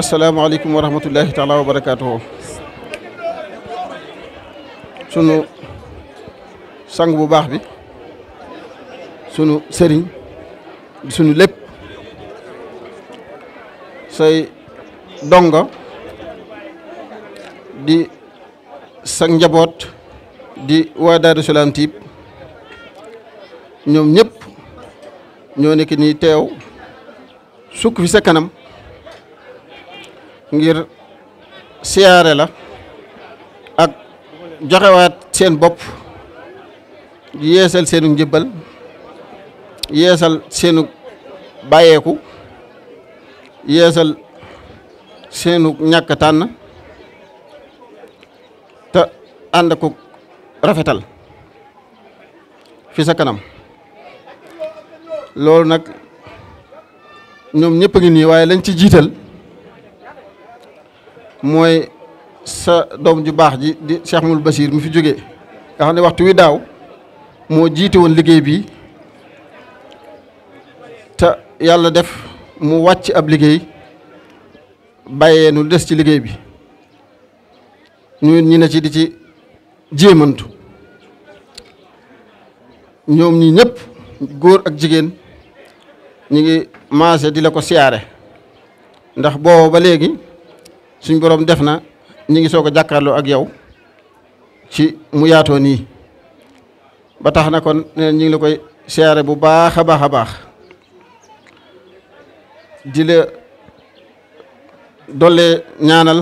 asalaamaaleykum wa rahmatullahi taala wa barakaatuhu sunu sang bu baax bi sunu sëriñ sunu lépp say dongo di sa njaboot di waa Daaru Salaam Typ ñoom ñëpp ñoo nekk nii teew sukk fi sa kanam ngir siyaare la ak joxewaat seen bopp yeesal seenu njëbbal yeesal seenu bàyyeeku yeesal seenu ñàkk tànn te ànd ko rafetal fi sa kanam loolu nag ñoom ñëpp a ngi nii waaye lañ ci jiital mooy sa doom ju baax ji di Cheikh basiir mu fi jóge nga xam ne waxtu wi daaw moo jiite woon liggéey bi te yàlla def mu wàcc ab liggéey bàyyee nu des ci liggéey bi ñun ñi ne ci di ci jéemantu ñoom ñii ñëpp góor ak jigéen ñi ngi maase di la ko siyaare ndax booba ba léegi suñ boroom def na ñu ngi soog a jàkkaarloo ak yow ci mu yaatoo nii ba tax na kon neen ñu ngi la koy siyaare bu baax a baax a baax di la dollee ñaanal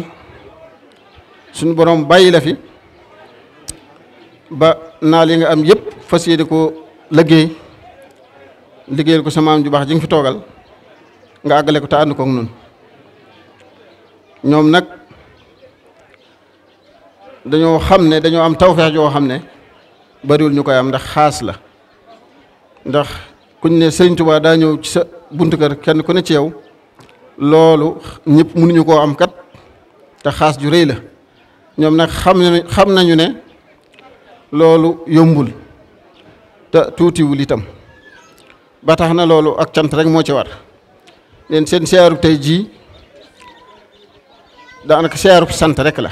suñ borom bàyyi la fi ba naa li nga am yëpp fas yéene ko liggéey liggéeyal ko sa maam ju baax ji nga fi toogal nga àggale ko te ànd koog noonu ñoom nag dañoo xam ne dañoo am tawfeex yoo xam ne bariwul ñu koy am ndax xaas la ndax kuñ ne sëriñ Tuubaa daa ñëw ci sa buntu kër kenn ku ne ci yow loolu ñëpp mënuñu koo am kat te xaas ju rëy la ñoom nag xam nañu xam nañu ne loolu yombul te tuutiwul itam ba tax na loolu ak cant rek moo ci war leen seen siyaaru tey jii daanaka seerub sant rek la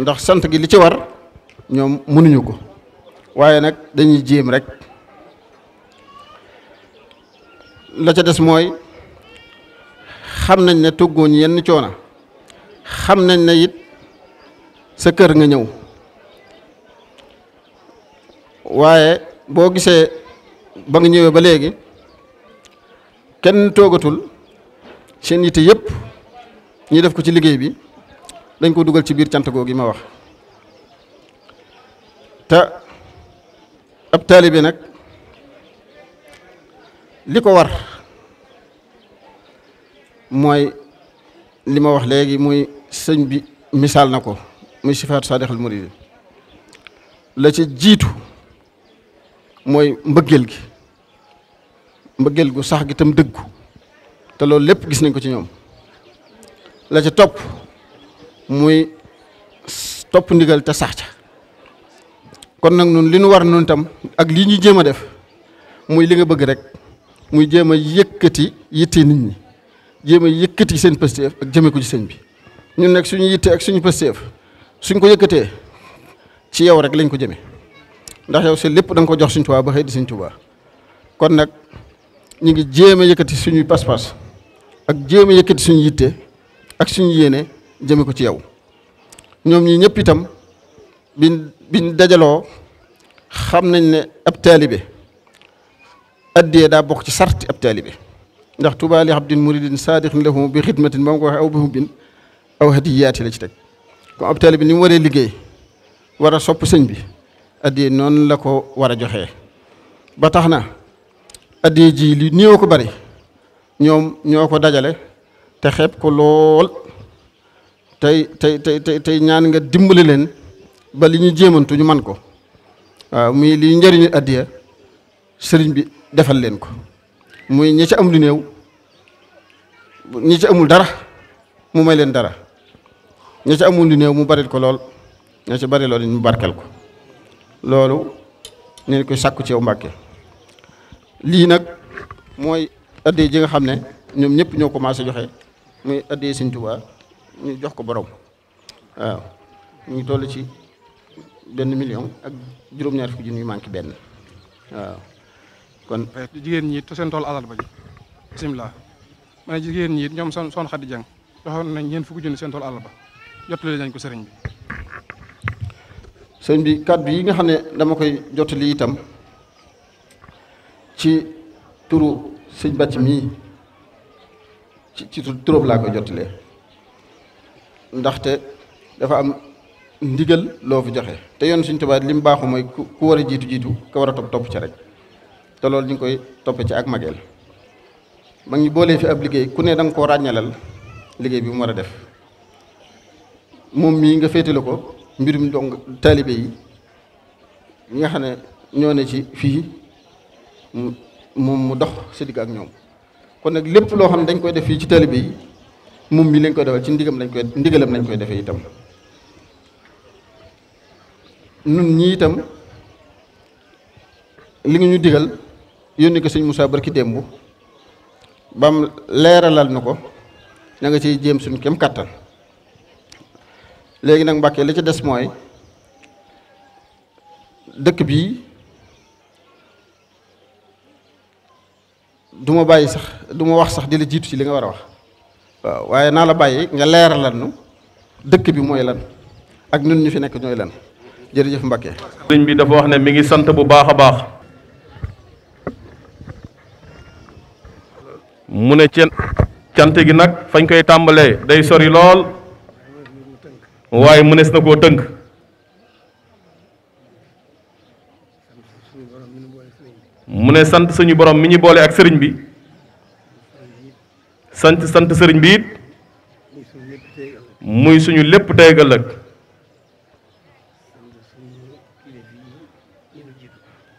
ndax sant gi li ci war ñoom mënuñu ko waaye nag dañuy jéem rek la ca des mooy xam nañ ne tëggooñ yenn coona xam nañ ne it sa kër nga ñëw waaye boo gisee ba nga ñëwee ba léegi kenn toogatul seen yitte yëpp ñu def ko ci liggéey bi dañ koo dugal ci biir cant gi ma wax te ab taalibe nag li ko war mooy li ma wax léegi muy sëñ bi misaal na ko muy sifaatu saadixal muridi la ci jiitu mooy mbëggeel gi mbëggeel gu sax gi tam dëggu te loolu lépp gis nañ ko ci ñoom la ca topp muy topp ndigal te sax ca kon nag nun li nu war nun tam ak lii ñuy jéem a def muy li nga bëgg rek muy jéem a yëkkati yitte nit ñi jéem a yëkkati seen pësteef ak jëme ko ci sëñ bi ñun nekk suñu yitte ak suñu pësteef suñ ko yëkkatee ci yow rek lañ ko jëme ndax yow si lépp danga ko jox suñ tubaa ba xëy di suñ tubaa kon nag ñu ngi jéem a yëkkati suñuy pas-pas ak jéem a yëkkati suñu yitte ak suñu yéene jëme ko ci yow ñoom ñi ñëpp itam biñ biñ dajaloo xam nañ ne ab taalibe addiyee daa bokk ci sart ab taalibe ndax tuba li abdin muridin saadixin lahu bi xidmatin ba ma ko waxee aw bi hubbin aw hadiyaati la ci teg comme ab taalibe ni mu waree liggéey war a sopp sëñ bi addiyee noon la ko war a joxee ba tax na addiyee ji li néew ko bari ñoom ñoo ko dajale te xeeb ko lool tey tey tey tey tey ñaan nga dimbali leen ba li ñu jéemantu ñu man ko waaw muy lii njariñu addiya sëriñ bi defal leen ko muy ñi ci am lu néew ñi ci amul dara mu may leen dara ñi ci amul lu néew mu baril ko lool ña ci bari lool ñu barkel ko loolu ñu ngi koy sàkku ci yow lii nag mooy addiya ji nga xam ne ñoom ñëpp ñoo commencé joxe muy addee Sëñ Tuubaa ñu jox ko boroom waaw ñu ngi toll ci benn million ak juróom-ñaar fukki junni yu manqué benn waaw kon eh, jigéen ñi it seen tool alal ba ji jigéen ñi ñoom son son xaddi jàng nañ ñeent fukki junni seen tool alal ba jottali nañ ko sëriñ bi sëriñ bi kàddu yi nga xam ne dama koy jottali itam ci turu sëñ bàcc mii ci ci laa koy jottalee ndaxte dafa am ndigal loo fi joxe te yoon suñ tubaab li mu baaxu mooy ku war a jiitu jiitu ka war a topp topp ca rek te loolu ñu ngi koy topp ci ak mageel mag ñi boolee fi ab liggéey ku ne danga nga koo ràññalal liggéey bi mu war a def moom mii nga féetale ko mbirum dong taalibe yi ñi nga xam ne ñoo ne ci fii mu mu dox sa digg ak ñoom kon nag lépp loo xam ne dañ koy def fii ci taalibe yi moom mi lañ koy defal ci ndigam lañ koy ndigalam lañ koy defee itam nun ñii itam li nga ñu digal yónni ko sëñ Moussa barki démb bam leeralal na ko ña nga ciy jéem suñ kem kàttan léegi nag Mbàkke li ci des mooy dëkk bii du ma bàyyi sax du ma wax sax di la jiitu ci li nga war a wax waaw waaye naa la bàyyi nga leeral lan dëkk bi mooy lan ak ñun ñu fi nekk ñooy lan jërëjëf Mbacke. sëriñ bi dafa wax ne mi ngi sant bu baax a baax. mu ne cen cant gi nag fañ koy tàmbalee day sori lool waaye mënees na koo tënk. mu ne sant suñu borom mi ñuy boole ak sëriñ bi sant sant sëriñ bi it muy suñu lépp tey ak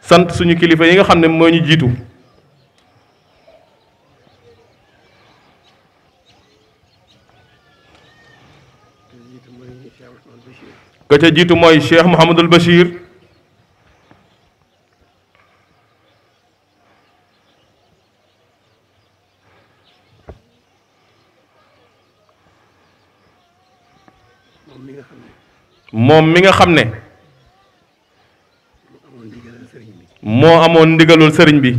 sant suñu kilifa yi nga xam ne mooy ñu jiitu ka jiitu mooy Cheikh Mouhamadul Bachir moom mi nga xam ne moo amoon ndigalul sëriñ bi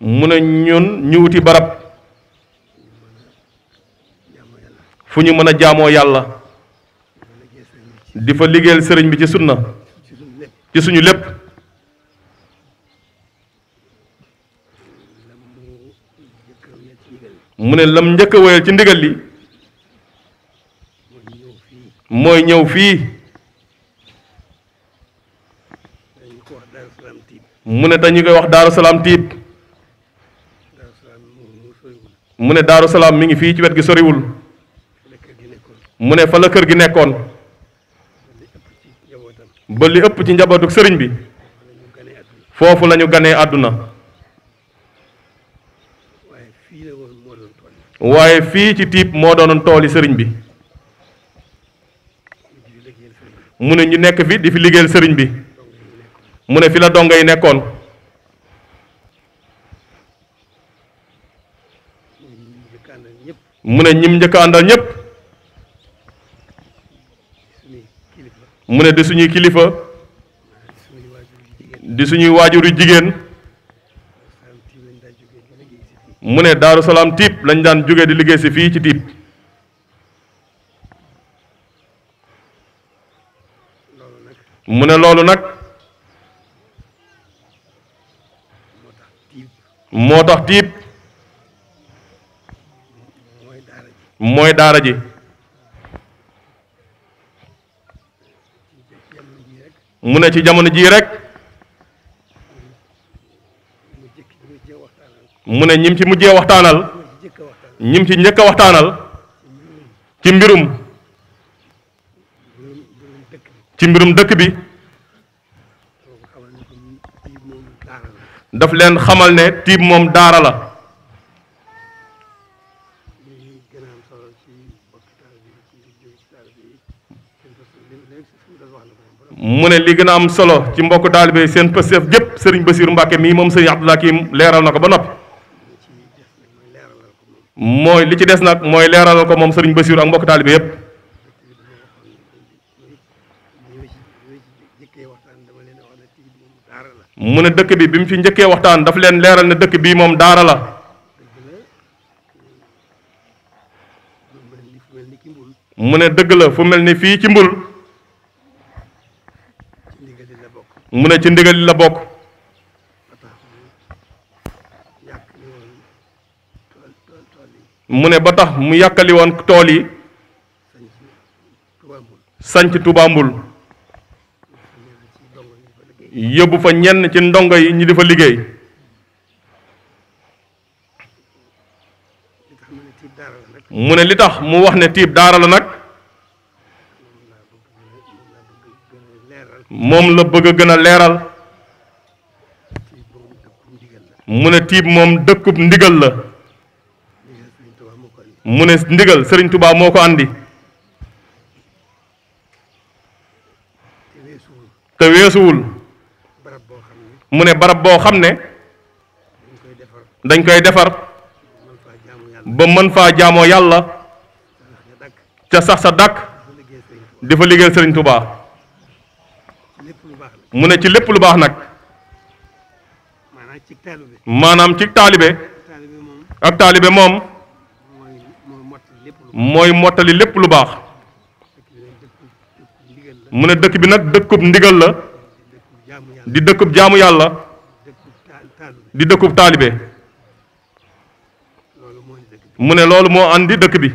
mu ne ñun ñu wuti barab fu ñu mën a jaamoo yàlla di fa liggéeyal sëriñ bi ci na ci suñu lépp mu ne lam njëkk a ci ndigal li mooy ñëw fii mu ne te ñu koy wax Daaru Salaam tiit mu ne Daaru Salaam mi ngi fii ci wet gi soriwul mu ne fa la kër gi nekkoon ba li ëpp ci njabootu sëriñ bi foofu la ñu àdduna waaye fii ci tiib moo doonoon tooli sëriñ bi mu ne ñu nekk fi di fi liggéeyal sëriñ bi mu ne fi la dongo yi nekkoon mu ne ñim njëkk àndal ñépp mu ne di suñuy kilifa di suñuy waajuru jigéen mu ne Daaru Salaam Typ lañ daan jóge di liggéey si fii ci Typ mu ne loolu nag moo tax Typ mooy daara ji mu ne ci jamono jii rek mu ne ñim ci mujjee waxtaanal ñim ci njëkk waxtaanal ci mbirum ci mbirum dëkk bi daf leen xamal ne tiib moom daara la mu ne li gën a am solo ci mbokk taalibe seen pësef gépp sëriñ Basiiru Mbàkke mii moom sëriñ Abdou Lakim leeral na ko ba noppi mooy li ci des nag mooy leeral ko moom sëriñ Basiiru ak mbokk taalibe yépp mu ne dëkk bi bi mu fi njëkkee waxtaan daf leen leeral na dëkk bii moom daara la mu ne dëgg la fu mel ni fii ci mbul mu ne ci ndigal la bokk mu ne ba tax mu yàkkali woon tool yi sanc tubaambul yóbbu fa ñenn ci ndongo yi ñi di fa liggéey mu ne li tax mu wax ne tiib daara la nag moom la bëgg a gën a leeral mu ne tiib moom dëkkub ndigal la mu ne ndigal sëriñ tubaa moo ko àndi te weesuwul mu ne barab boo xam ne dañ koy defar ba mën faa jaamoo yàlla ca sax sa dàkk di fa liggéeyal sëriñ tubaa mu ne ci lépp lu baax nag maanaam ci taalibe ak taalibe moom mooy mottali lépp lu baax mu ne dëkk bi nag dëkkub ndigal la di dëkkub jaamu yàlla di dëkkub taalibe mu ne loolu moo indi dëkk bi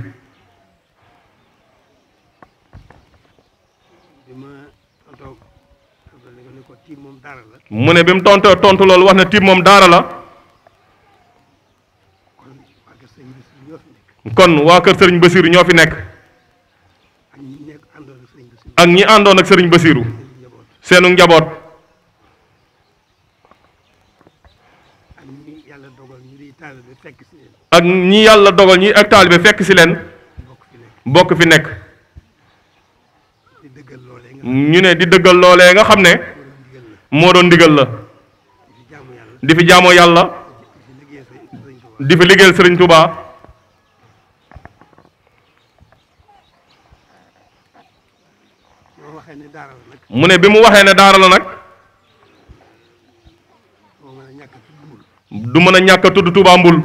mu ne bi mu tontoo tontu loolu wax na tiib moom daara la kon waa kër sëriñ Basiiru ñoo fi nekk ak ñi àndoon ak sëriñ Basiiru seenu njaboot ak ñi yàlla dogal ñi ak taalibe fekk si leen bokk fi nekk ñu ne di dëggal loolee nga xam ne moo doon ndigal la di fi jaamoo yàlla di fi liggéeyal sëriñ Touba mu ne bi mu waxee ne daara la nag du mën a ñàkk tudd Touba Mbul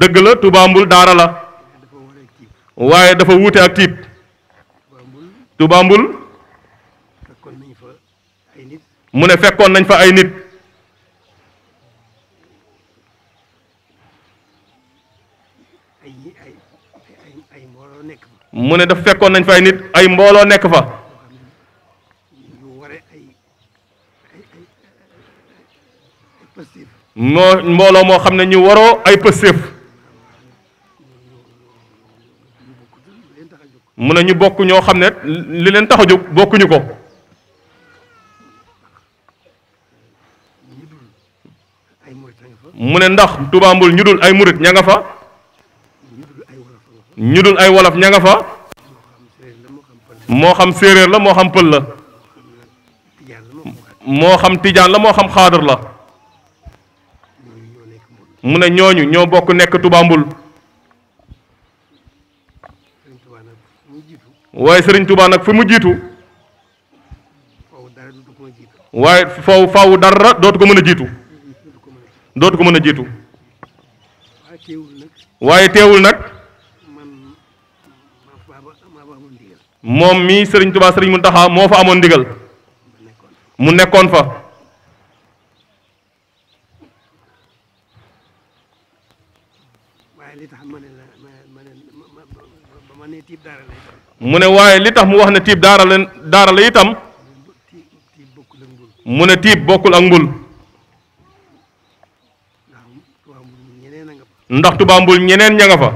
dëgg la Touba Mbul daara la waaye dafa wuute ak tiib Touba Mbul mu ne fekkoon nañ fa ay nit mu ne daf fekkoon nañ fa ay nit ay mbooloo nekk fa moo mbooloo moo xam ne ñu waroo ay pëstéef mu ne ñu bokk ñoo xam ne li leen tax a jóg bokkuñu ko mu ne ndax Touba Mboul ñu dul ay murit ña nga fa ñu dul ay wolof ña nga fa moo xam séeréer la moo xam pël la moo xam tijaan la moo xam xaadar la mu ne ñooñu ñoo bokk nekk tubaambul waaye sëriñ Touba nag fi mu jiitu waaye faw faw dara dootu ko mën a jiitu dootu ko mën a jiitu waaye teewul nag moom mii sëriñ Touba sëriñ Mountakha moo fa amoon ndigal mu nekkoon fa waaye mu ne waaye li tax mu wax ne tiib daara la daara la itam mu ne tiib bokkul ak mbul ndax Touba Mbul ñeneen ña nga fa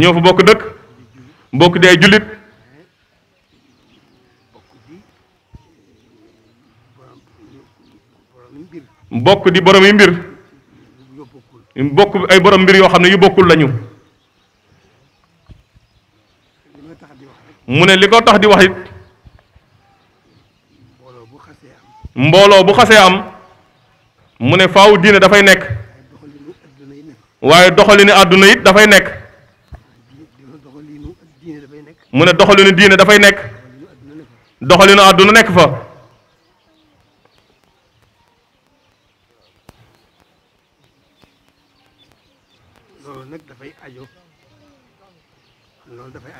ñoo fa bokk dëkk bokk dee jullit bokk di borom yi mbir bokk ay borom mbir yoo xam ne yu bokkul lañu mu ne li ko tax di wax it mbooloo bu xasee am mu ne faw diine dafay nekk waaye doxalinu àdduna it dafay nekk mu ne doxalinu diine dafay nekk doxalinu àdduna nekk fa loolu nag dafay ajo loolu dafay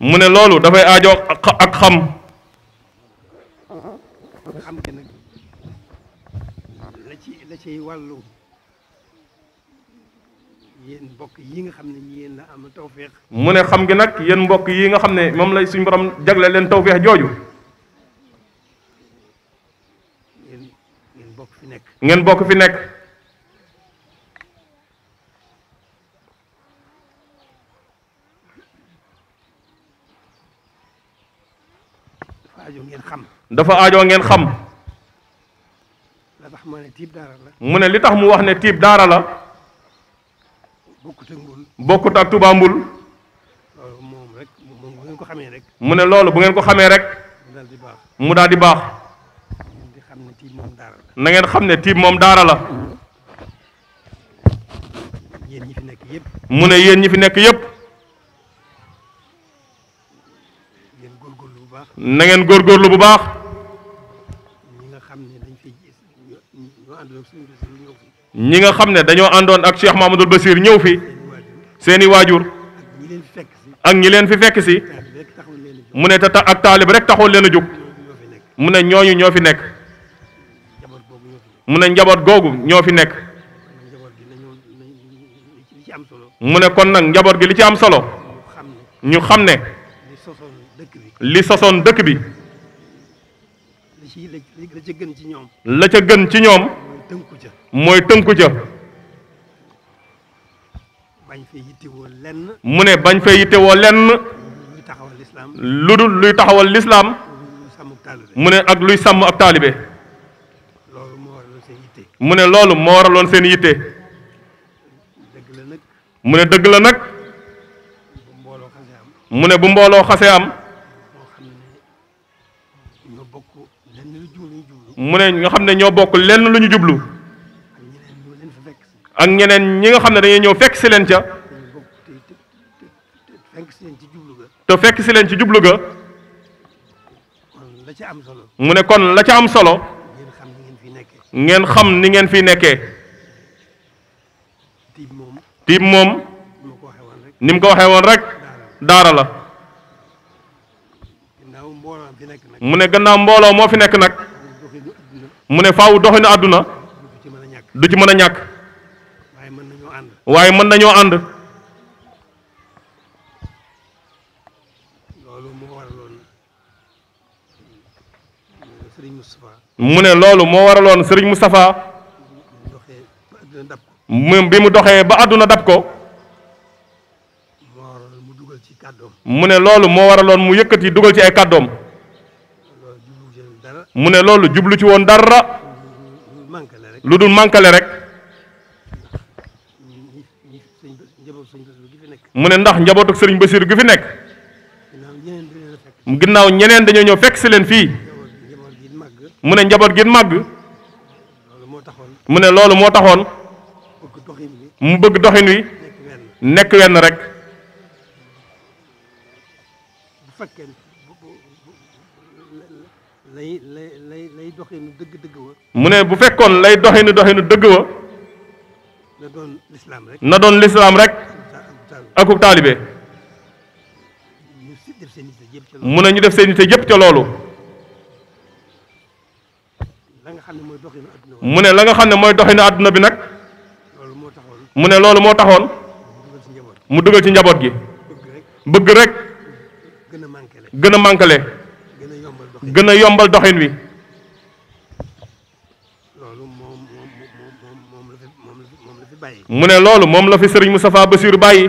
mu ne loolu dafay aajo ak xam xam gi nag la ci la ciy wàllu yéen mbokk yi nga xam ne yéen la am tawféex mu ne xam gi nag yéen mbokk yi nga xam ne moom lay suñ borom jagle leen tawféex jooju ngeen bokk fi nekk ngeen bokk fi nekk dafa aajoo ngeen xam mu ne li tax mu wax ne tiib daara la bokkut ak Touba Mbul mu ne loolu bu ngeen ko xamee rek mu daal di baax na ngeen xam ne tiib moom daara la mu ne yéen ñi fi nekk yépp na ngeen góorgóorlu bu baax ñi nga xam ne dañoo àndoon ak Cheikh Mamadou Bassir ñëw fi seeni waajur ak ñi leen fi fekk si mu ne te ak taalib rek taxul leen a jóg mu ne ñooñu ñoo fi nekk mu ne njaboot googu ñoo fi nekk mu ne kon nag njaboot gi li ci am solo ñu xam ne li sosoon dëkk bi la ca gën ci ñoom la ca gën ci ñoom mooy tënku ca mu ne bañ fay yittewoo lenn lu dul luy taxawal lislaam mu ne ak luy sàmm ak taalibe mu ne loolu moo waraloon seen yitte mu ne dëgg la nag mu ne bu mbooloo xasee am mu ne nga xam ne ñoo bokk lenn lu ñu jublu ak ngeneen ñi nga xam ne dañuy ñëw fekk si leen ca te fekk si leen ci jublu ga mu ne kon la ca am solo ngeen xam ni ngeen fi nekkee tiib moom ni mu ko waxee woon rek daara la mu ne gannaaw mbooloo moo fi nekk nag mu ne faw doxinu àdduna du ci mën a ñàkk waaye mën nañoo ànd mu ne loolu moo waraloon Serigne Moustapha mu bi mu doxee ba àdduna dab ko mu ne loolu moo waraloon mu yëkkati dugal ci ay kàddoom mu ne loolu jublu ci woon dara lu dul mànkale rek mu ne ndax njabootu sëriñ Basiiru gi fi nekk ginnaaw ñeneen dañoo ñëw fekk si leen fii mu ne njaboot gi màgg mu ne loolu moo taxoon mu bëgg doxin wi nekk wenn rek mu ne bu fekkoon lay doxinu doxinu dëgg wa na doon lislaam rek akuk taalibe mu ne ñu def seen yitte yépp ca loolu mu ne la nga xam ne mooy doxinu àdduna bi nag mu ne loolu moo taxoon mu dugal ci njaboot gi bëgg rek gën a mànkale gën a yombal doxin wi mu ne loolu moom la fi sëriñ Moustapha Bassirou bàyyi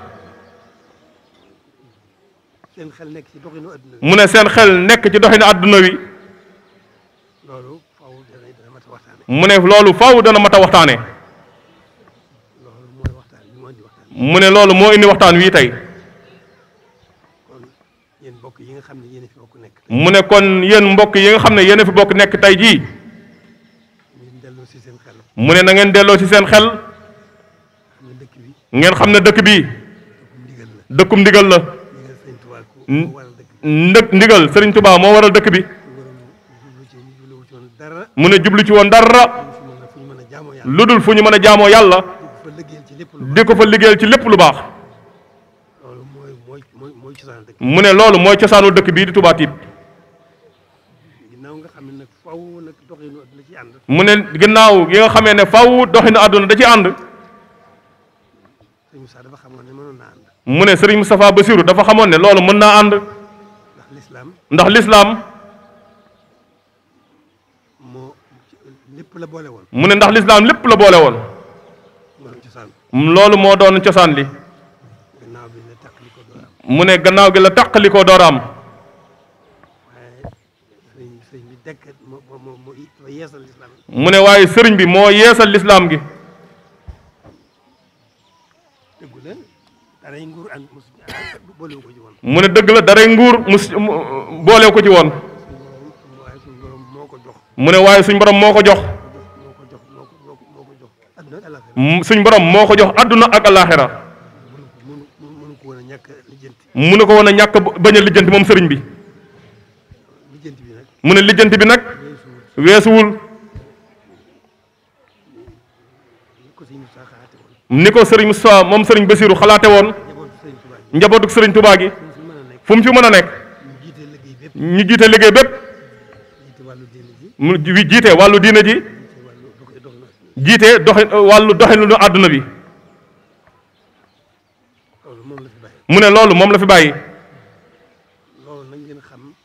mu ne seen xel nekk ci doxinu àdduna wi mu ne loolu faaw dana mat a waxtaane mu ne loolu moo indi waxtaan wii tey mu ne kon yéen mbokk yi nga xam ne yéen a fi bokk nekk tey jii mu ne nangeen delloo ci seen xel ngeen xam ne dëkk bi dëkkum ndigal la ndëkk ndigal sëriñ Touba moo waral dëkk bi mu ne jublu ci woon dara lu dul fu ñu mën a jaamoo yàlla di ko fa liggéeyal ci lépp lu baax mu ne loolu mooy cosaanu dëkk bii di Touba Tiib mu ne ginnaaw gi nga xamee ne faw doxinu àdduna da ci ànd mu ne sëriñ Moustapha Bassirou dafa xamoon ne loolu mën naa ànd ndax lislaam mu ne ndax lislaam lépp la boole woon loolu moo doon cosaan li mu ne gannaaw gi la taqali ko dooraam mu ne waaye sëriñ bi moo yeesal lislaam gi mu ne dëgg la daray nguur mus boole ko ci woon mu ne waaye suñ borom moo ko jox suñ borom moo ko jox àdduna ak alaaxira mu ne ko woon a ñàkk bañ a lijjanti moom sëriñ bi mu ne lijjanti bi nag weesuwul ni ko sëriñ Moussa moom sëriñ Basiiru xalaate woon njabootu sëriñ tubaa gi fu mu ci mën a nekk ñu jiite liggéey bépp mu jiite wàllu diine ji jiite doxin wàllu doxinu àdduna bi mu ne loolu moom la fi bàyyi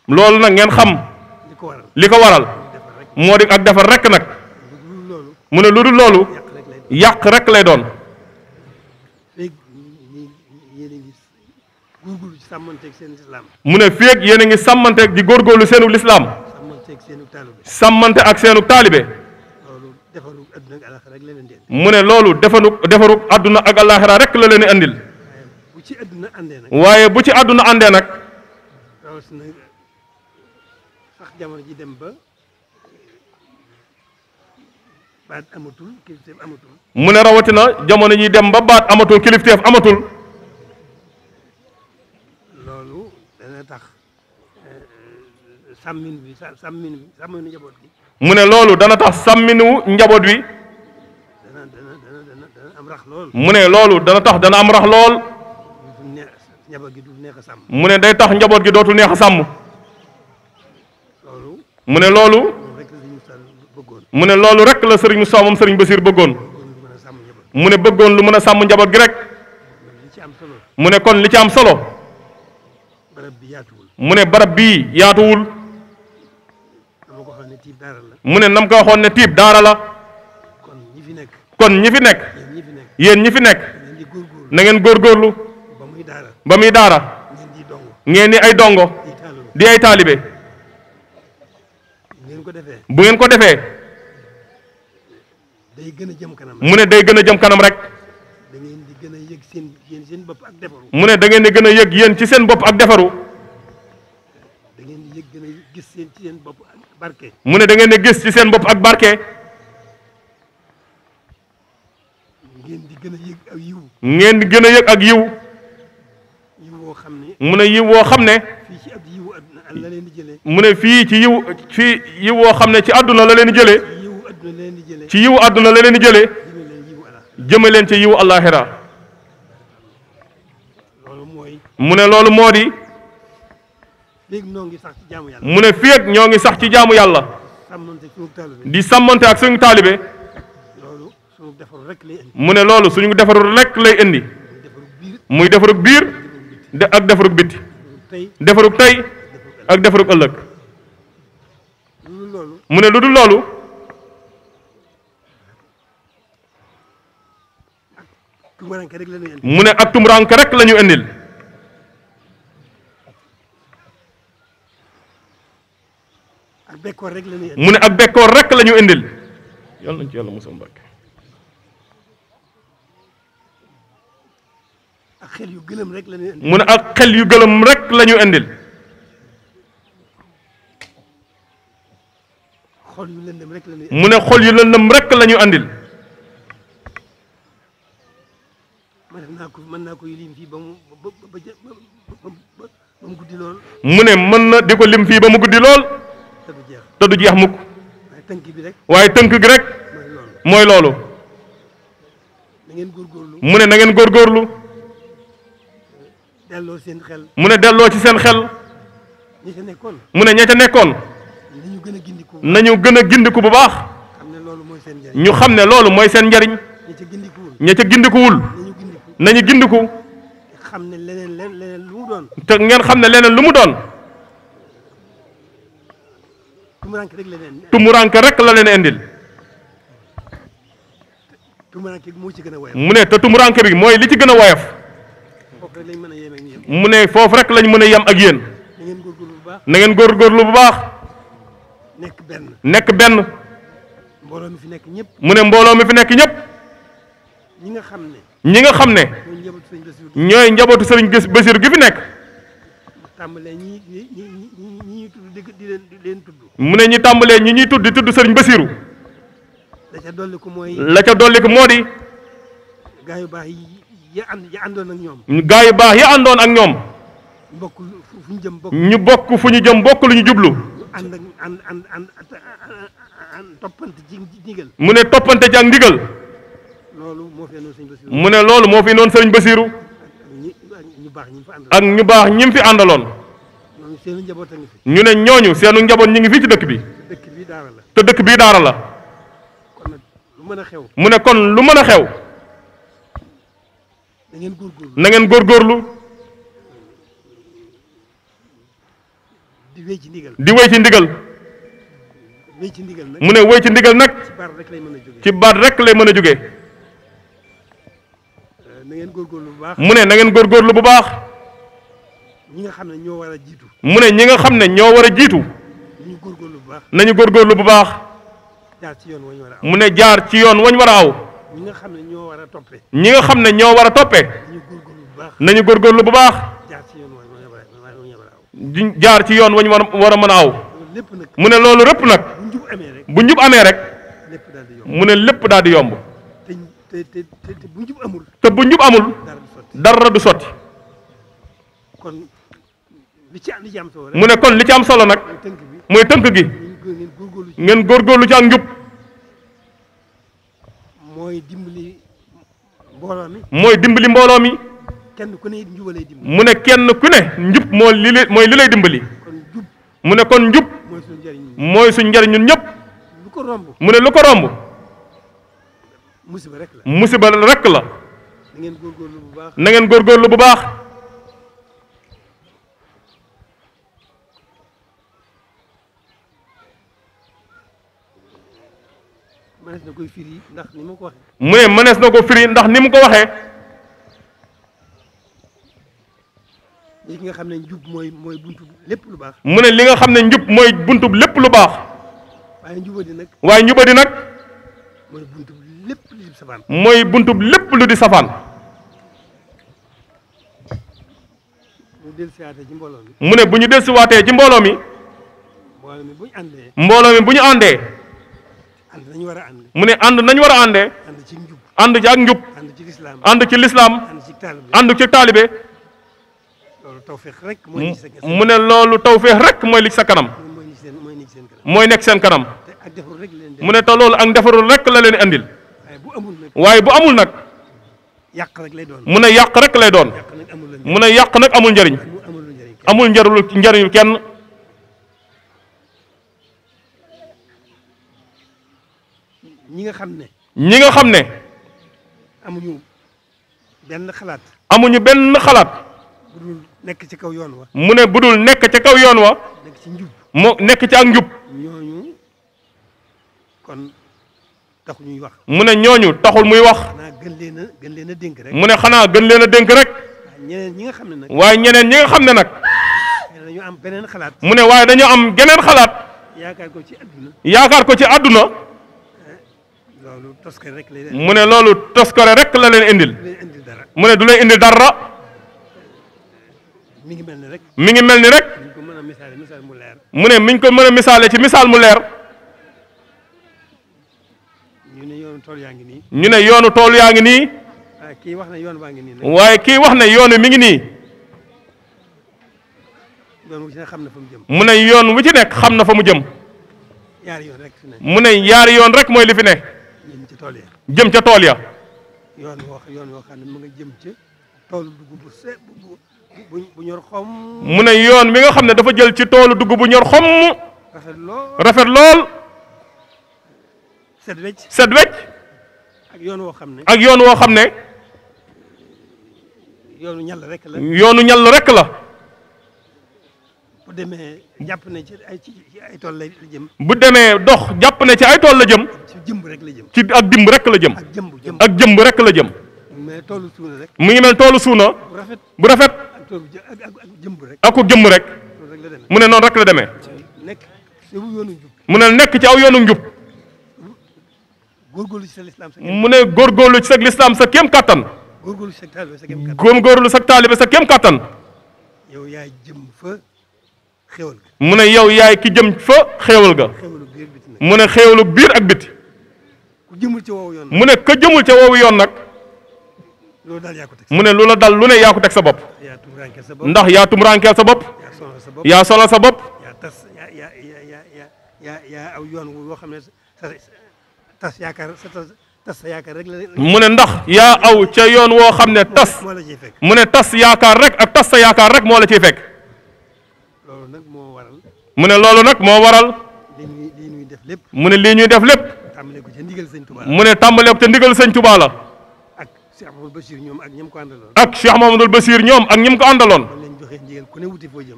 loolu nag ngeen xam li ko waral moo di ak defar rekk nag mu ne lu dul loolu yàq rekk lay doon sàmmanteeg seen lislaam. mu ne feeg yéen a ngi sàmmanteeg di góorgóorlu seenu lislaam. sàmmanteeg seenu taalibe. sàmmante ak seenu taalibe. mu ne loolu defaru defaru àdduna ak alaxira rek la leen di andil. waaye bu ci àdduna àndee nag. sax jamono ji dem ba baat amatul kilifteef amatul. mu ne rawatina jamono ji dem ba baat amatul kilifteef amatul. sàmmin wi sàmmin wi sàmminu njaboot gi. mu ne loolu dana tax sàmminu njaboot wi. dana rax lool. mu ne loolu dana tax dana am rax lool. njaboot gi du neex a sàmm. mu ne day tax njaboot gi dootul neex a sàmm. loolu. mu ne loolu. mu ne loolu rek la sëriñ Moussa moom sëriñ Basiir bëggoon. mu ne bëggoon lu mën a sàmm njaboot gi rek. mu ne kon li ci am solo. mu ne barab bii yaatuwul. mu ne nam ko waxoon ne tiib daara la kon ñi fi nekk kon ñi fi nekk yéen ñi fi nekk na ngeen góorgóorlu ba muy daara ngeen di ay dongo di ay taalibe bu ngeen ko defee gën a jëm kanam mu ne day gën a jëm kanam rek da ngeen gën a yëg seen yéen seen bopp ak mu ne da ngeen di gën a yëg yéen ci seen bopp ak defaru mu ne dangeen ngeen a gis ci seen bopp ak barke. ngeen di gën a yëg ak yiw. ngeen di gën a yëg ak yiw. mu ne yiw woo xam ne. mu ne fii ci yiw fii yiw woo xam ne ci àdduna la leen di jëlee. ci yiw àdduna la leen di jëlee. jëme leen ci yiw àllaaxira. mu ne loolu moo di. mu ne fii ñoo ngi sax ci jaamu yàlla di sàmmante ak suñu taalibe mu ne loolu suñu defarul rek lay indi muy defarug biir de ak defarug bitti defarug tey ak defarug ëllëg mu ne lu dul loolu mu ne ak tumuraanke rek lañu indil mu ne ab bekkoor rek la ñu indil yàlla nañ ci yu gëlëm rek la mu ne ak xel yu gëlëm rek la indil xol yu lëndëm rek la mu ne xol yu lëndëm rek la ñu andil mën naa ko mën naa guddi lool mu ne mën na di ko lim fii ba mu guddi lool te du jeex mukk waaye tënk gi rek mooy loolu mu ne na ngeen góorlu delloo seen xel mu ne delloo ci seen xel mu ne ña ca nekkoon nañu gën a gindiku bu baax ñu xam ne loolu mooy seen njariñ ñett ca gindikuwul nañu gindiku te ngeen xam ne leneen lu mu doon tumuranke rek la leen rek la leen indil. tumuranke bi moo ci gën a woyof. mu ne te tumuranke bi mooy li ci gën a woyof. mu ne foofu rek lañ mën a yem ak yéen. na góor góorgóorlu bu baax. nekk benn nekk benn. mbooloo fi nekk ñëpp. mu ne mbooloo mi fi nekk ñëpp. ñi nga xam ne. ñi nga xam ne. ñooy njabootu sëriñ Basiru gi fi nekk. tàmbalee ñi ñi ñuy tudd di leen tudd. mu ne ñu tàmbalee ñi ñuy tudd di tudd sëriñ Basiru. la ca dolli mooy. la ca ko moo di. gaa yu baax yi ya àndoon ak ñoom. gaa yu baax ya ak ñoom. bokk ñu jëm bokk. ñu bokk fu ñu jëm bokk lu ñu jublu. ànd ak ànd ànd ànd mu ne toppante ci ak ndigal. mu ne loolu moo fi noonu sëriñ Basiru. baax ñi fi ak ñu baax ñi fi àndaloon. ñu ne ñooñu seenu njaboot ñu ngi fii ci dëkk bi. te dëkk bii daara la. mu ne kon lu mën a xew. na ngeen góorgóorlu. di wéy ci ndigal di wéy ci ndigal. mu ne wéy ci ndigal nag. ci baat rekk lay mën a jóge. mu ne na ngeen góorgóorlu bu baax. nga xam ne ñoo war jiitu. mu ne ñi nga xam ne ñoo war a jiitu. nañu góorgóorlu bu baax nañu bu baax. jaar ci yoon wañ war a aw jaar ci yoon wañ war a aw. ñi nga xam ne ñoo war a toppee. ñi nga xam ne ñoo war a toppee. nañu góorgóorlu bu baax. di jaar ci yoon wañ war war mën a aw. mu ne loolu rëpp nag. bu njub amee rek. mu ne lépp daal di yomb. te te te bu njub amul. te bu njub amul. dara du sotti. li ci li mu ne kon li ci am solo nag. mooy tënk gi. ngeen góorgóorlu ci ak njub. mooy dimbali mbooloo mooy dimbali mbooloo mi. kenn ku ne njub mu ne kenn ku ne njub moo li lay mooy li lay dimbali. mu ne kon njub. mooy suñ njariñ ñun mu ne lu ko romb. musiba rek la musiba rek la. na ngeen góorgóorlu bu baax na ngeen góorgóorlu bu baax. mënees na ko firi ndax ni mu ko waxee. mu ne mënees na ko firi ndax ni mu ko waxee. li nga xam ne njub mooy mooy buntub lépp lu baax. mu ne li nga xam ne njub mooy buntub lépp lu baax. waaye njubadi nag. waaye njubadi nag. mooy buntub lépp mooy buntub lépp lu di safaan mu ne bu ñu dellusiwaatee ci mbooloo mi mbooloo mi bu ñu àndee mu ne ànd nañu war a àndee ànd ci ak njub ànd ci lislaam ànd ci taalibe mu ne loolu tawféex rek mooy li ci sa kanam mooy nekk seen kanam mu ne te loolu ak defarul rek la leen i andil waaye bu amul nag yàq rek lay doon mu ne yàq rek lay doon mu ne yàq nag amul njariñ amul njariñul njariñul kenn ñi nga xam ne ñi nga xam ne amuñu benn xalaat amuñu benn xalaat nekk ci kaw yoon wa mu ne budul nekk ci kaw yoon wa nekk mu nekk ci ak njub taxul ñuy wax mu ne ñooñu taxul muy wax. gën leen a gën leen a dénk rek. mu ne xanaa gën leen a dénk rek. ñi nga xam ne nag. waaye ñeneen ñi nga xam ne nag. dañoo am beneen xalaat. mu ne waaye dañoo am geneen xalaat. yaakaar ko ci àdduna. yaakaar ko ci àdduna. Eh, loolu toskare rek la mu ne loolu toskare rek la leen indil. mu ne du leen indil dara. mi ngi mel ni rek. mi ngi mel ni rek. mu ne mi ngi ko mën a misaale ci misaal mu leer. ñu ne yoonu tool yaa ngi nii. waaye kii wax ne yoon baa ngi nii. waaye kii wax ne yoon mi ngi nii. mu ne yoon wu ci nekk xam na fa mu jëm. mu ne yaari yoon rek mooy li fi ne. jëm ca tool ya. yoon woo yoon woo xam ne mu nga jëm ca toolu dugub bu se ñor xomm. mu ne yoon mi nga xam ne dafa jël ci toolu dugub bu ñor xomm. rafet lool rafet lool. set wecc set wecc. ak yoon woo xam ne. ak yoon woo xam ne. yoonu ñal rekk la. yoonu ñal rek la. bu demee jàpp ne ci ay ci ay tool la jëm. bu demee dox jàpp na ci ay tool la jëm. ci jëmb rek la jëm. ci ak dimb rek la jëm. ak jëmb ak jëmb rek la jëm. mu ngi mel toolu suuna rek. mu ngi toolu suuna. bu rafet bu ak toolu jëmb rek. ak jëmb rek. mu ne noonu rek la demee. nekk ci aw yoonu mu ne nekk ci aw yoonu njub. góorgóorlu ci sa lislaam sa mu ne góorgóorlu ci sa lislaam sa kéem kattan. góorgóorlu ci sa taalibe sa kéem kattan. mu ne yow yaay ki jëm fa xéwal ga. mu ne xéwalu biir ak biti. yoon mu ne ka jëmul ca woowu yoon nag. mu ne lu la dal lu ne yaa ko teg sa bopp. ndax yaa tumuraankeel sa bopp. yaa sonal sa bopp. tas yaakaar tas sa yaakaar rek la. mu ne ndax yaa aw ca yoon woo xam ne tas. moo la ciy fekk mu ne tas yaakaar rek ak tas sa yaakaar rek moo la ciy fekk. loolu nag moo waral. mu ne loolu nag moo waral. lii ñuy def lépp. mu ne lii ñuy def lépp. tàmbalee ko ca ndigal sëñ Touba la. mu ne tàmbalee ko ca ndigal sëñ Touba la. ak Cheikh Mamadou Bachir ñoom ak ñim ko àndaloon. ak Cheikh Mamadou Bachir ñoom ak ñim ko àndaloon.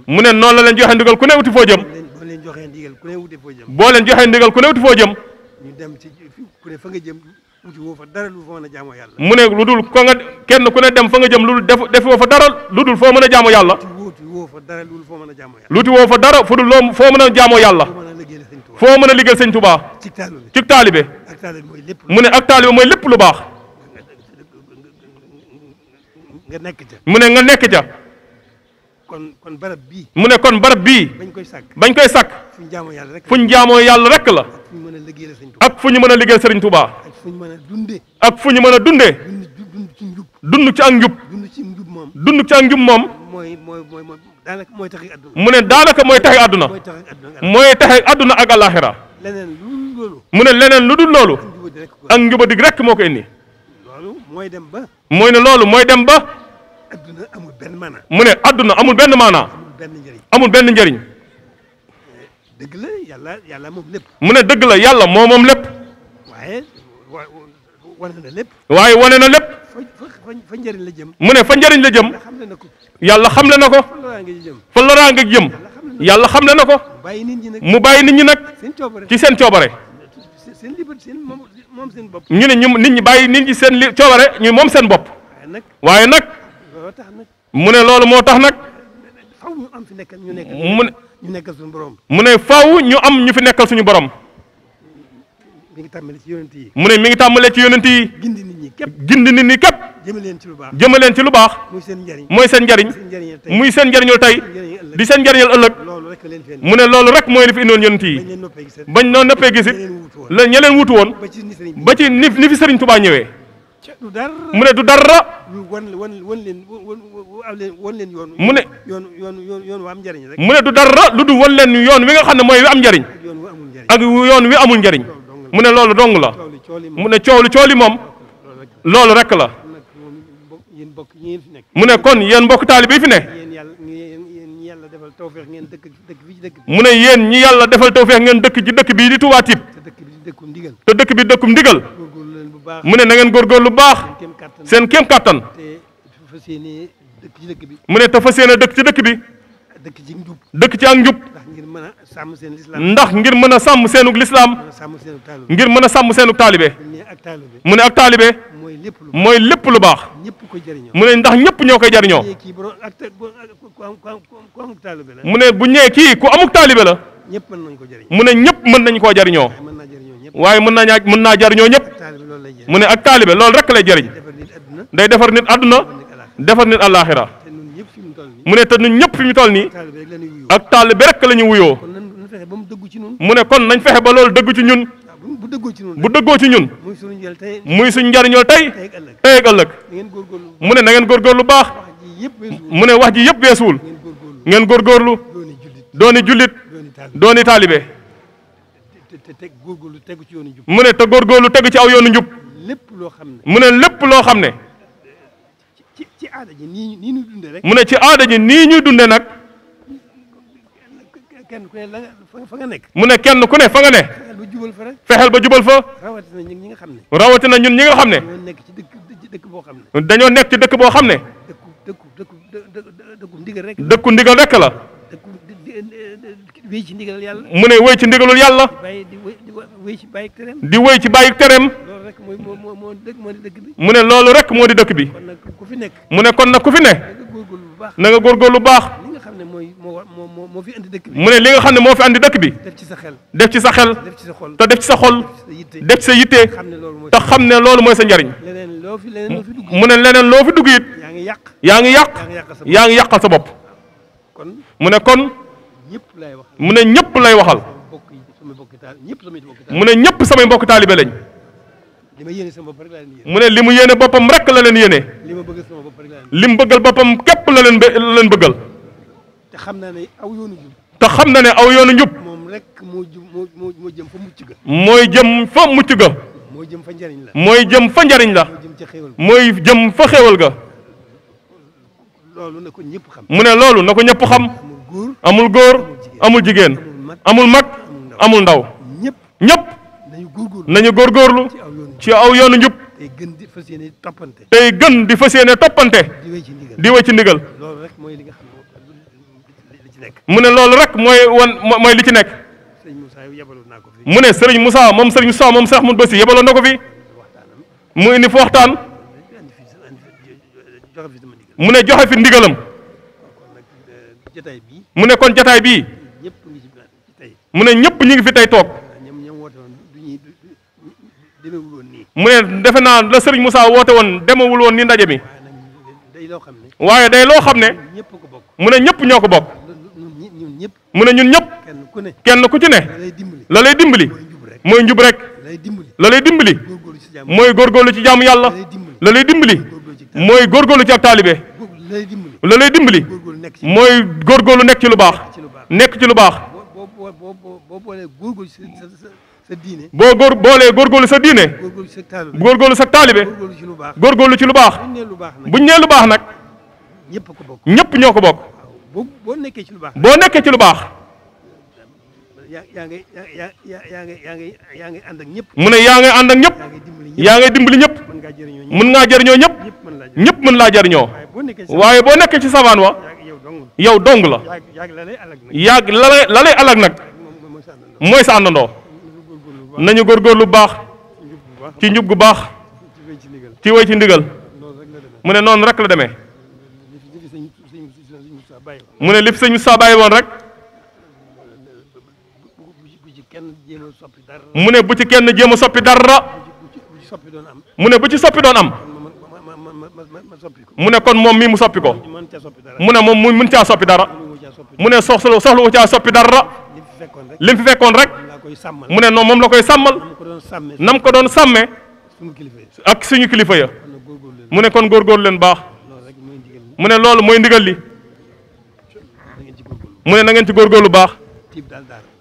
mu ne noonu la leen joxe ndigal ku ne wuti foo jëm. boo leen ndigal ku ne wuti foo ñu dem ci ku ne fa nga jëm wuti woo fa dara a jaamoo yàlla. mu ne lu dul ko nga kenn ku ne dem fa nga jëm lu def defoo fa dara lu dul foo mën a jaamoo yàlla. wuti woo fa lu dul foo mën a jaamoo yàlla. woo fa dara fu dul foo mën a jaamoo yàlla. foo mën a liggéeyal sëñ Tuubaa. ci taalibe ci taalibe. ak taalibe mooy lépp lu mu ne ak taalibe mooy lépp lu baax. nekk mu ne nga nekk ca. kon kon bii. mu ne kon barab bii. bañ koy sàkk bañ koy sàkk. fuñ yàlla rek la jaamoo yàlla rek la. ak fu ñu mën a liggéey Serigne Touba ak fu ñu mën a dundee ak ñu mën a dundee dund ci ak njub dund ci ak njub moom mu ne daanaka mooy taxe àdduna mooy taxe àdduna ak àllaaxira mu ne leneen lu dul loolu ak njubadig rek moo ko indi mooy ne loolu mooy dem ba mu ne àdduna amul benn maanaa amul benn njariñ dëgg la yàlla yàlla moom lépp. mu ne dëgg la yàlla moo moom lépp. waaye wane na lépp. waaye wane na lépp. fa la jëm. mu ne fa njariñ la jëm. yàlla xamle na ko. fa loraange jëm. yàlla xamle na ko. mu bàyyi nit ñi nag. ci seen coobare. ñu ne ñu nit ñi bàyyi nit ñi seen li coobare ñu moom seen bopp. waaye nag. mu ne loolu moo tax nag. faw ñu am fi nekkal ñu nekk. mu ne ñu nekkal suñu borom. mu ne faw ñu am ñu fi nekkal suñu borom. mi ngi tàmbalee ci yonent yi. mu ne mi ngi tàmbalee ci yonent yi. gindi nit ñi képp gindi nit ñi képp. jëmale leen ci lu baax jëmale leen ci lu baax. muy seen njariñ muy seen njariñ. muy seen njariñul tey di seen njariñul ëllëg. mu ne loolu rek mooy li fi indoon yonent yi. bañ noonu nëppee gisit la ña leen wutu woon ba ci ni fi Sëriñ Tuubaa ñëwee mu ne du dara. lu wan wan wan leen wan leen yoon. mu ne yoon yoon yoon wu njariñ rek. mu du dara lu du wan leen yoon wi xam ne mooy wi am njariñ. ak yoon wi amul njariñ. mu ne loolu dong la. mu ne coow li coow li moom. loolu rek la. mu ne kon yéen mbokk taalibe yi fi ne. mu ne yéen ñi yàlla defal tawfeex ngeen dëkk ci dëkk bii di Touba Typ. te dëkk bi dëkkum ndigal. mu ne na ngeen lu baax seen kéem kàttan mu ne te seen yéene dëkk ci dëkk bi dëkk ci njub dëkk ci ak njub ndax ngir mën a sàmm seenug lislaam ngir mën a sàmm seenug taalibe mu ne ak taalibe mooy lépp lu baax mu ne ndax ñëpp ñoo koy jariñoo mu ne bu ñëwee kii ku amuk taalibe la mu ne ñëpp mën nañ koo jariñoo waaye mën naa ñaa mën naa jariñoo ñëpp mu ne ak taalibe loolu rek lay jariñ day defar nit àdduna defar nit àllaaxira mu ne te ñun ñëpp fi mu toll nii ak taalibe rek la ñu wuyoo mu ne kon nañ fexe ba loolu dëgg ci ñun ah, bu dëggoo ci ñun muy suñ njariñoo tey tey ak ëllëg mu ne na góor góorgóorlu baax mu ne wax ji yëpp weesuwul ngeen góorgóorlu dooni jullit dooni taalibe te teg góorgóorlu tegu ci yoonu njub. mu ne te góorgóorlu tegu ci aw yoonu njub. lépp loo xam ne mu ne lépp loo xam ne. ci ci aada ji nii nii mu ne ci aada ji nii ñuy dundee nag. kenn ku la fa nga nekk. mu ne kenn ku ne fa nga ne. fexeel ba jubal fa rek. ba jubal fa. rawatina ñun ñi nga xam ne. rawatina ñun ñi xam ne. dañoo nekk ci dëkk boo xam ne. dañoo nekk dëkk boo xam ne. dëkku dëkku dëkku dëkku ndigal rek. dëkku ndigal rek la. wéy ci ndigalul yàlla mu ne wéy ci ndigalul yàlla. di wéy ci bàyyi tereem. di wéy ci mooy moo moo di dëkk mu ne loolu rek moo di dëkk bi. kon ku fi nekk. mu ne kon nag ku fi ne. na nga góorgóorlu lu baax. xam ne mooy moo moo moo fi andi dëkk mu ne li nga xam ne moo fi andi dëkk bi. def ci sa xel. def ci sa xel. def ci sa xol te def ci sa xol. def ci sa yitte. te xam ne loolu mooy sa njariñ. mu ne leneen loo fi dugg it. yaa ngi yàq yaa ngi yàqal sa bopp mu ne kon mu ne ñëpp lay waxal mu ne ñëpp samay mbokk taalibe lañ mu ne li mu yéene boppam rek la leen yéene li mu bëggal boppam képp la leen la leen bëggal te xam na ne aw yoonu njub te xam na ne aw yoonu njub moom rek moo moo jëm fa mucc ga mooy jëm fa mucc ga mooy jëm fa njariñ la mooy jëm fa njariñ la mooy jëm fa xéewal ga mu ne loolu na ko ñëpp xam amul góor amul jigéen amul mag amul ndaw ñëpp nañu góorgóorlu ci aw yoonu njub tey gën di fas yéene toppante. tey gën di fas yéene toppante. di wéy ci ndigal di wéy ci ndigal. loolu rek mooy li nga xam ci nekk. mu ne loolu rek mooy wan mooy li ci nekk. mu ne Serigne Moussa moom Serigne musa moom Cheikh Ahmadou Basi yebaloon na ko fi. mu indi fi waxtaan. mu ne joxe fi ndigalam. mu ne kon jataay bii mu ne ñëpp ñu ngi fi tey toog mu ne defe naa la sëriñ Moussa woote woon demewul woon ni ndaje mi waaye day loo xam ne mu ne ñëpp ñoo ko bokk mu ne ñun ñëpp kenn ku ci ne la lay dimbali mooy njub rek la lay dimbali mooy góorgóorlu ci jaamu yàlla la lay dimbali mooy góorgóorlu ci ak taalibe la lay dimbali mooy góorgóorlu nekk ci lu baax nekk ci lu baax boo góor boolee góorgóorlu sa diine góorgóorlu sa taalibe góorgóorlu ci lu baax buñ nee lu baax nag ñëpp ñoo ko bokk boo nekkee ci lu baax yaa ngi yaa ngi ànd ak ñëpp mu ne yaa ngi ànd ak ñëpp yaa ngay dimbali ñëpp mën ngaa jariñoo ñëpp ñépp mën laa jariñoo waaye boo nekkee ci savaan wa yow dong la yàgg la lay la lay alag nag mooy sa àndandoo nañu lu baax ci njub gu baax ci way ci ndigal mu ne noonu rek la demee mu ne li fi sëñ Moussa bàyyi woon rek mu ne bu ci kenn jéem a soppi dara mu ne bu ci soppi doon am. mu ne kon moom mii mu soppi ko mu ne moom mu mën caa soppi dara mu ne soxla soxla wu soppi dara li mu fi fekkoon rek mu ne noonu moom la koy sàmmal na mu ko doon sàmmee ak suñu kilifa ya mu ne kon góorgóorlu leen baax mu ne loolu mooy ndigal li mu ne na ngeen ci góorgóorlu baax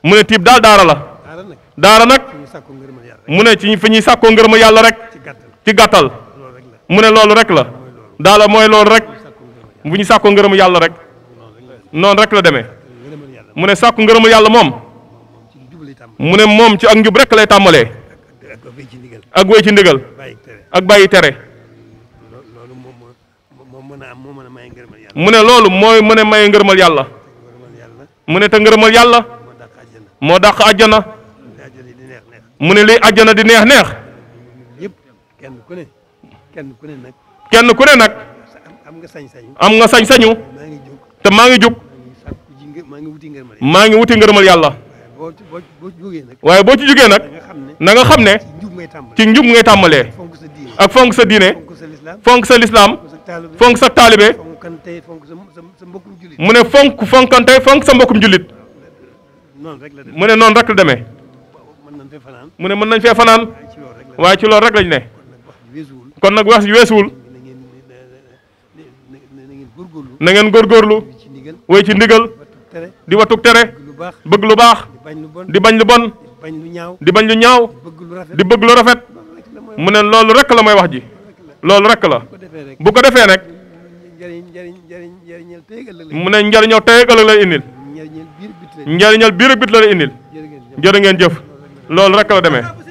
mu ne tiib daal daara la daara nag mu ne fi ñuy sàkkoo ngërëm yàlla rek ci gàttal mu ne loolu rek la daala mooy loolu rek bu ñu sàkkoo ngërëmu yàlla rek noonu rek la demee mu ne sàkku ngërëmu yàlla moom mu ne moom ci ak njub rek lay tàmbalee ak wéy ci ndigal ak bàyyi tere mu ne loolu mooy mën may ngërëmal yàlla mu ne te ngërëmal yàlla moo dàq àjjana mu ne lii àjjana di neex neex kenn ku ne nag. kenn ku am nga sañ-sañu. am nga sañ-sañu. te maa ngi jóg. maa ngi wuti ngërmal yàlla. maa ngi wuti ngërmal yàlla. waaye boo ci jógee nag. na nga xam ne. ci njub ngay tàmbalee. ak fonk sa diine. fonk sa lislaam. fonk sa taalibe. mu ne fonk fonkante fonk sa mbokkum jullit. mu ne noonu rek la demee. mu ne mën nañ fee fanaan. waaye ci loolu rek lañ ne. kon nag wax weesuwul na ngeen góorgóorlu way ci ndigal di watug tere bëgg lu baax di bañ lu bon di bañ lu ñaaw di bëgg lu rafet mu ne loolu rek la mooy wax ji loolu rek la bu ko defee nag mu ne njariñoo tey ak ëllëg lay indil njariñal biir ak bit la lay indil jërë ngeen jëf loolu rek la demee